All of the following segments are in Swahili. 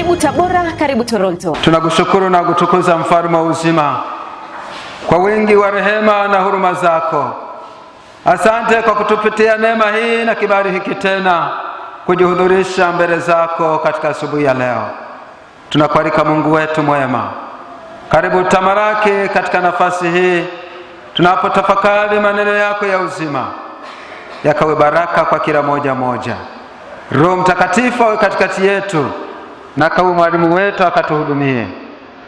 Karibu Tabora, karibu Toronto. Tunakushukuru na kutukuza mfalme wa uzima kwa wingi wa rehema na huruma zako. Asante kwa kutupitia neema hii na kibali hiki tena kujihudhurisha mbele zako katika asubuhi ya leo. Tunakualika Mungu wetu mwema, karibu tamaraki katika nafasi hii tunapotafakari maneno yako ya uzima, yakawe baraka kwa kila moja moja. Roho Mtakatifu awe katikati yetu na kawe mwalimu wetu akatuhudumie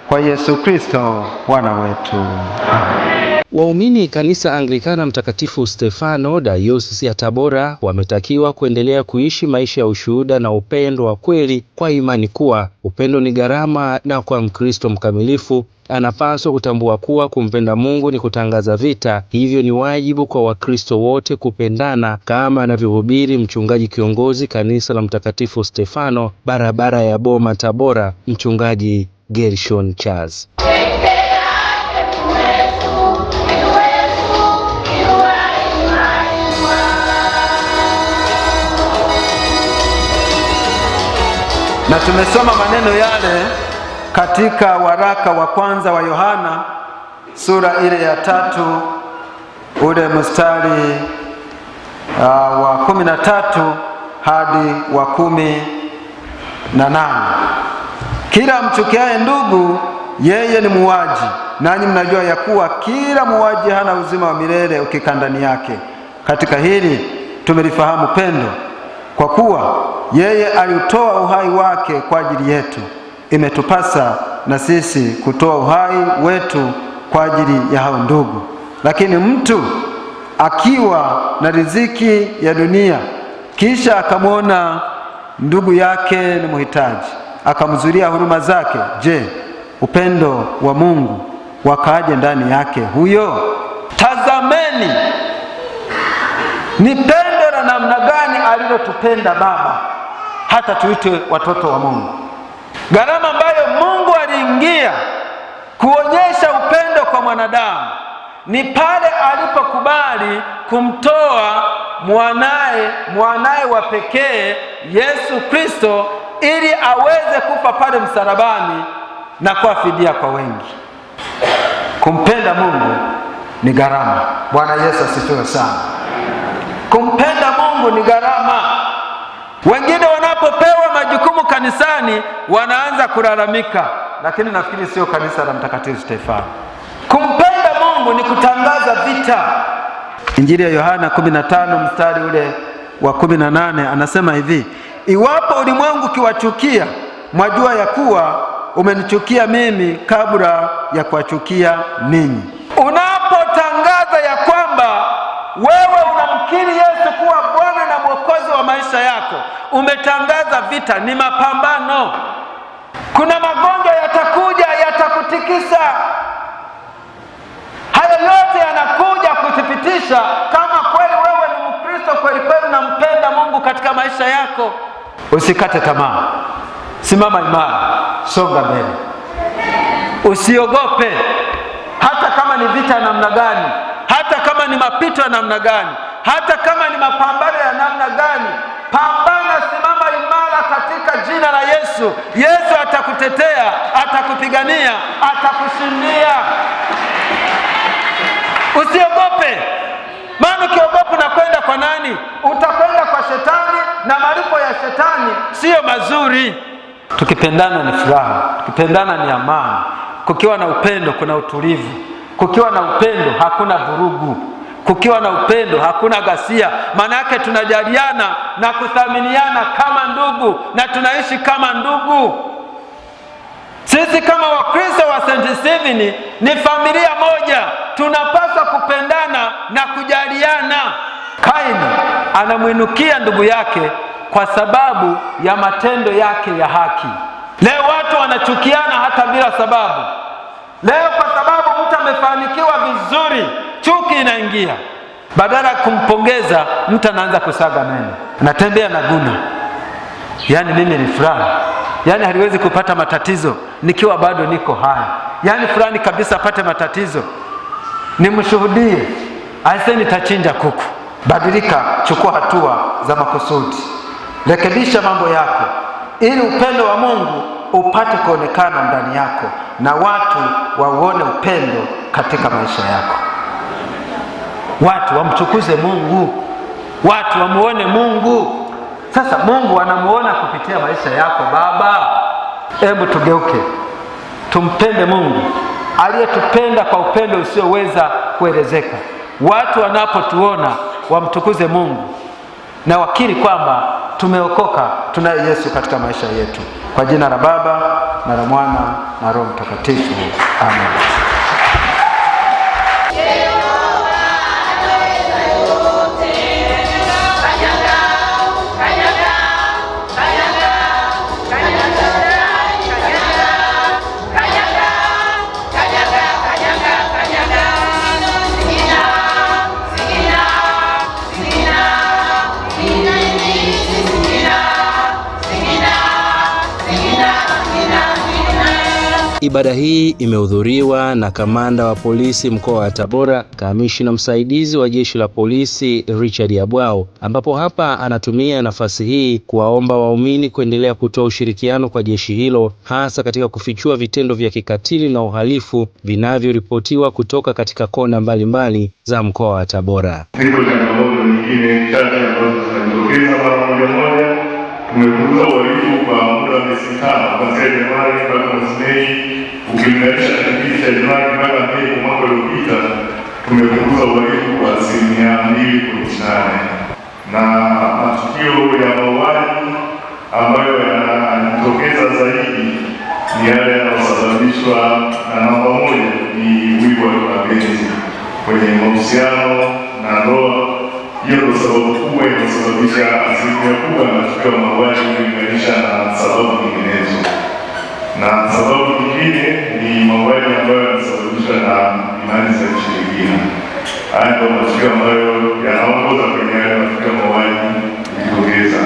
kwa Yesu Kristo Bwana wetu Amen. Waumini kanisa Anglikana Mtakatifu Stefano Dayosisi ya Tabora wametakiwa kuendelea kuishi maisha ya ushuhuda na upendo wa kweli kwa imani kuwa upendo ni gharama, na kwa Mkristo mkamilifu anapaswa kutambua kuwa kumpenda Mungu ni kutangaza vita. Hivyo ni wajibu kwa Wakristo wote kupendana kama anavyohubiri mchungaji kiongozi kanisa la Mtakatifu Stefano barabara ya Boma Tabora, Mchungaji Gershon Charles. na tumesoma maneno yale katika waraka wa kwanza wa Yohana sura ile ya tatu ule mstari uh, wa kumi na tatu hadi wa kumi na nane kila mchukiaye ndugu yeye ni muwaji, nanyi mnajua ya kuwa kila muwaji hana uzima wa milele ukikaa ndani yake. Katika hili tumelifahamu pendo, kwa kuwa yeye aliutoa uhai wake kwa ajili yetu, imetupasa na sisi kutoa uhai wetu kwa ajili ya hao ndugu. Lakini mtu akiwa na riziki ya dunia kisha akamwona ndugu yake ni muhitaji, akamzulia huruma zake, je, upendo wa Mungu wakaaje ndani yake huyo? Tazameni ni pendo la namna gani alilotupenda Baba hata tuitwe watoto wa Mungu. Gharama ambayo Mungu aliingia kuonyesha upendo kwa mwanadamu ni pale alipokubali kumtoa mwanaye mwanaye wa pekee Yesu Kristo ili aweze kufa pale msalabani na kuwa fidia kwa wengi. Kumpenda Mungu ni gharama. Bwana Yesu asifiwe sana. Kumpenda Mungu ni gharama. Wengine wanapopewa majukumu kanisani wanaanza kulalamika, lakini nafikiri sio kanisa la Mtakatifu Stefano. Kumpenda Mungu ni kutangaza vita. Injili ya Yohana 15 mstari ule wa 18 anasema hivi, iwapo ulimwengu ukiwachukia, mwajua ya kuwa umenichukia mimi kabla ya kuwachukia ninyi. Unapotangaza ya kwamba wewe unamkiri maisha yako. Umetangaza vita, ni mapambano. Kuna magonjwa yatakuja, yatakutikisa. Hayo yote yanakuja kuthibitisha kama kweli wewe ni Mkristo kweli kweli, unampenda Mungu katika maisha yako. Usikate tamaa, simama imara, songa mbele, usiogope hata kama ni vita ya namna gani, hata kama ni mapito ya namna gani, hata kama ni mapambano Yesu. Yesu atakutetea, atakupigania, atakushindia. Usiogope, maana ukiogopa unakwenda kwa nani? Utakwenda kwa shetani, na malipo ya shetani siyo mazuri. Tukipendana ni furaha, tukipendana ni amani. Kukiwa na upendo kuna utulivu, kukiwa na upendo hakuna vurugu kukiwa na upendo hakuna ghasia, maana yake tunajaliana na kuthaminiana kama ndugu na tunaishi kama ndugu. Sisi kama Wakristo wa St. Stephen ni familia moja, tunapaswa kupendana na kujaliana. Kaini anamwinukia ndugu yake kwa sababu ya matendo yake ya haki. Leo watu wanachukiana hata bila sababu. Leo kwa sababu mtu amefanikiwa vizuri chuki inaingia. Badala ya kumpongeza mtu anaanza kusaga meno, anatembea na guna. Yaani mimi ni fulani, yaani haliwezi kupata matatizo nikiwa bado niko hai, yaani fulani kabisa apate matatizo nimshuhudie, aise, nitachinja kuku. Badilika, chukua hatua za makusudi, rekebisha mambo yako ili upendo wa Mungu upate kuonekana ndani yako na watu wauone upendo katika maisha yako watu wamtukuze Mungu, watu wamuone Mungu. Sasa Mungu anamuona kupitia maisha yako baba. Hebu tugeuke tumpende Mungu aliyetupenda kwa upendo usioweza kuelezeka. Watu wanapotuona wamtukuze Mungu na wakiri kwamba tumeokoka, tunaye Yesu katika maisha yetu. Kwa jina la Baba na la Mwana na Roho Mtakatifu, amen. Ibada hii imehudhuriwa na kamanda wa polisi mkoa wa Tabora, kamishna msaidizi wa jeshi la polisi Richard Yabwao, ambapo hapa anatumia nafasi hii kuwaomba waumini kuendelea kutoa ushirikiano kwa jeshi hilo, hasa katika kufichua vitendo vya kikatili na uhalifu vinavyoripotiwa kutoka katika kona mbalimbali mbali za mkoa wa Tabora. Ziko changamoto nyingine chache ambazo zinajitokeza mara moja moja. Tumepunguza uhalifu kwa muda wa miezi mitano kuanzia Januari mpaka mwezi Mei Ukilinganisha kipindi cha Januari mpaka Mei mwaka uliopita tumepunguza uhalifu kwa asilimia mbili pointi nane na matukio ya mauaji ambayo yanajitokeza zaidi ni yale yanayosababishwa na namba moja ni wivu wa kimapenzi kwenye mahusiano na ndoa. Hiyo ndo sababu kubwa inayosababisha asilimia kubwa ya matukio ya mauaji ukilinganisha na sababu nyinginezo na sababu mauaji ambayo yanasababishwa na imani za kishirikina. Haya ndio matukio ambayo yanaongoza kwenye yale matukio mauaji kujitokeza.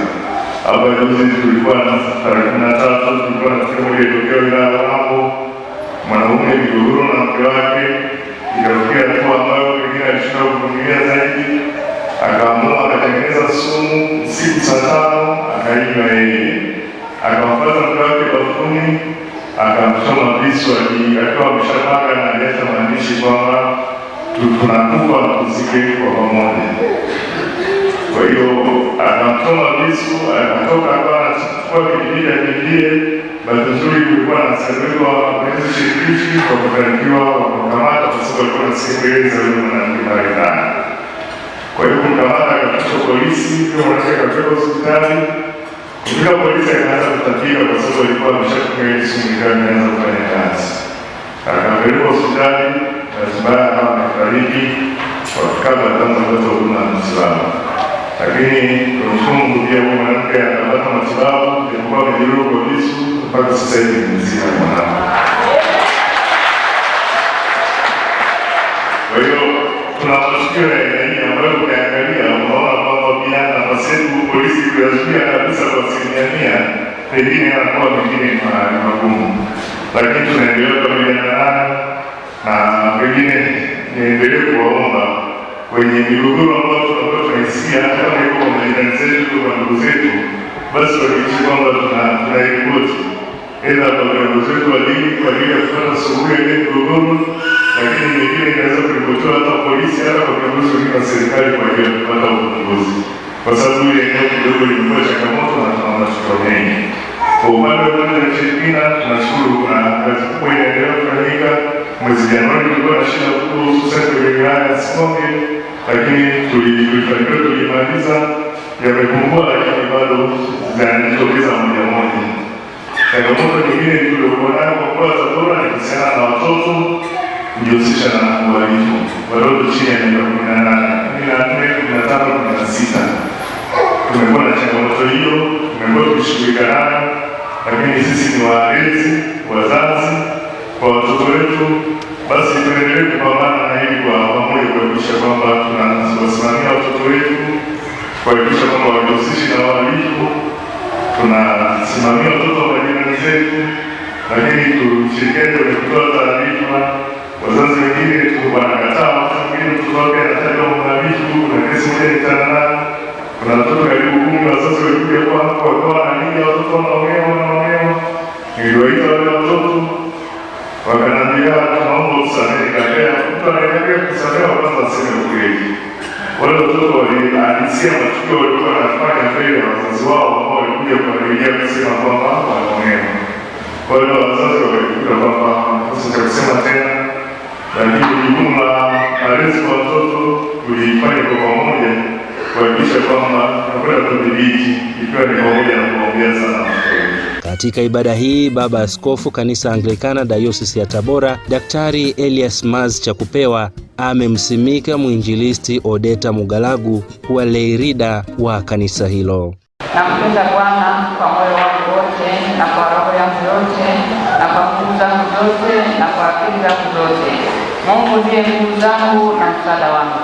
Hapa juzi tulikuwa na tarehe kumi na tatu tulikuwa na tukio moja ilitokea wilaya ya Rombo, mwanaume migogoro na mke wake, ikatokea hatua ambayo pengine alishindwa kuvumilia zaidi, akaamua akatengeneza sumu siku saa tano akainywa yeye, akamfata mke wake bafuni akamsoma Biswaji akiwa ameshapanga na leta maandishi kwamba tunakufa tuzike kwa pamoja. Kwa hiyo akamsoma Bisu, akatoka akawa anachukua kijibili akimbie. Bahati nzuri kulikuwa na semeko wa shirikishi kwa kufanikiwa wakamkamata, kwa sababu alikuwa anasikiliza yule mwanamke Marekani. Kwa hiyo kumkamata akafikishwa polisi, kwa mwanamke akapelekwa hospitali Tukio polisi akaanza kutatiwa kwa sababu alikuwa ameshafikia ile siku ndio anaanza kufanya kazi. Akapelekwa hospitali Zanzibar kama amefariki wafika wakaanza kupata huduma ya matibabu. Lakini kwa mfungu pia huyu mwanamke akapata matibabu alikuwa amejeruhiwa kwa visu mpaka sasa hivi ni mzima mwanamke. Kwa hiyo tuna matukio sababu polisi kuyazuia kabisa kwa asilimia mia, pengine yanakuwa mengine ni magumu, lakini tunaendelea kupambana nayo na pengine niendelee kuwaomba kwenye migogoro ambayo tunakuwa tunaisikia hata kama iko kwa majirani zetu, kwa ndugu zetu, basi wahakikishe kwamba tunairipoti ila kwa viongozi wetu wa dini kwa ajili ya kupata suluhu ya migogoro, lakini mengine inaweza kuripotiwa hata polisi, hata kwa viongozi wengine wa serikali kwa ajili ya kupata uongozi kwa sababu ile eneo kidogo limekuwa changamoto na tuna matokeo mengi. Kwa upande wa dhamana ya ushirikina, tunashukuru kuna kazi kubwa inaendelea kufanyika. Mwezi Januari tulikuwa na shida kubwa, hususan kwenye wilaya ya Sikonge, lakini tulifanikiwa, tulimaliza, yamepungua, lakini bado yanajitokeza moja moja. Changamoto nyingine tuliokuwa nayo kwa kuwa za bora ni kuhusiana na watoto kujihusisha na uhalifu, watoto chini ya miaka kumi na nane, kumi na nne, kumi na tano, kumi na kushirikiana, lakini sisi ni walezi, wazazi kwa watoto wetu, basi tuendelee kupambana na hili kwa pamoja, kuhakikisha kwamba tunawasimamia watoto wetu, kuhakikisha kwamba wajihusishi na wahalifu, tunasimamia watoto wa jirani zetu, lakini tushirikiane kwenye kutoa taarifa. Wazazi wengine wanakataa, wakati mwingine mtoto wake anatajwa mhalifu. Kuna kesi moja nitana, kuna watoto karibu kumi, wazazi walikuja kwa hapa Kwa hiyo wazazi wamekuta kwamba nafasi za kusema tena, lakini jukumu la malezi kwa watoto kulifanya kwa pamoja kuhakikisha kwamba tunakwenda kudhibiti, ikiwa ni pamoja na kuwaombea sana. Katika ibada hii Baba Askofu Kanisa Anglikana Dayosisi ya Tabora, Daktari Elias Maz Chakupewa amemsimika mwinjilisti Odeta Mugalagu kuwa leirida wa kanisa hilo. Nampenda Bwana kwa moyo wangu wote na kwa roho yangu yote na kwa nguvu zangu zote na kwa akili zangu zote. Mungu ndiye nguvu zangu na msaada wangu.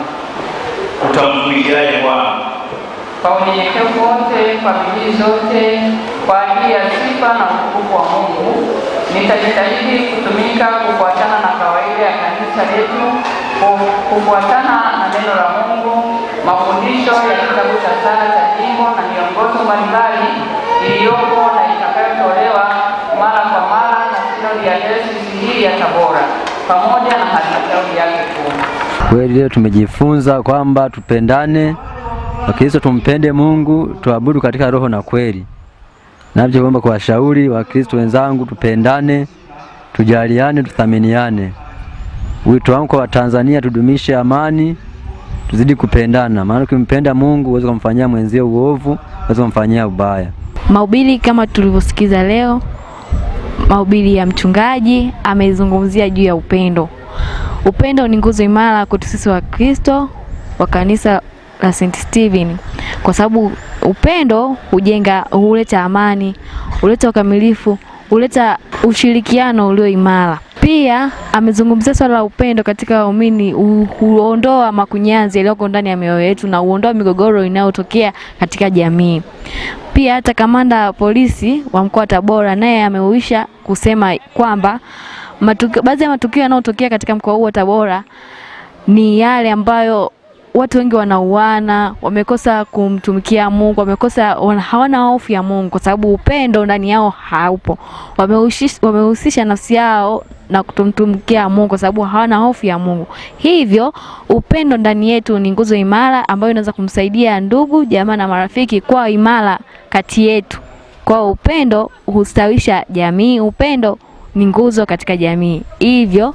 Utamkimbiliaje Bwana? Kwa unyenyekevu wote, kwa bidii zote, kwa ajili ya sifa na utukufu wa Mungu, nitajitahidi kutumika kufuatana na kawaida ya kanisa letu, kufuatana na neno la Mungu, mafundisho ya kitabu cha sala cha jimbo na miongozo mbalimbali iliyopo ya Tabora pamoja na halmashauri yake kuu. Kweli leo tumejifunza kwamba tupendane, Wakristo tumpende Mungu, tuabudu katika roho na kweli. navyoomba kuwashauri Wakristo wenzangu, tupendane, tujaliane, tuthaminiane. Wito wangu kwa Watanzania, tudumishe amani, tuzidi kupendana, maana ukimpenda Mungu uweze kumfanyia mwenzio uovu, uweze kumfanyia ubaya. Mahubiri kama tulivyosikiza leo mahubiri ya mchungaji amezungumzia juu ya upendo. Upendo ni nguzo imara kwetu sisi kristo wa kanisa la St. Stephen, kwa sababu upendo hujenga, huleta amani, huleta ukamilifu, huleta ushirikiano ulio imara. Pia amezungumzia swala la upendo katika waumini, huondoa makunyanzi yaliyoko ndani ya mioyo yetu na huondoa migogoro inayotokea katika jamii. Pia hata kamanda wa polisi wa mkoa wa Tabora naye ameuisha kusema kwamba baadhi ya matukio yanayotokea katika mkoa huu wa Tabora ni yale ambayo watu wengi wanauana, wamekosa kumtumikia Mungu, wamekosa wana, hawana hofu ya Mungu kwa sababu upendo ndani yao haupo. Wamehusisha nafsi yao na kutumtumikia Mungu kwa sababu hawana hofu ya Mungu. Hivyo upendo ndani yetu ni nguzo imara ambayo inaweza kumsaidia ndugu, jamaa na marafiki kwa imara kati yetu. Kwa upendo hustawisha jamii, upendo ni nguzo katika jamii. Hivyo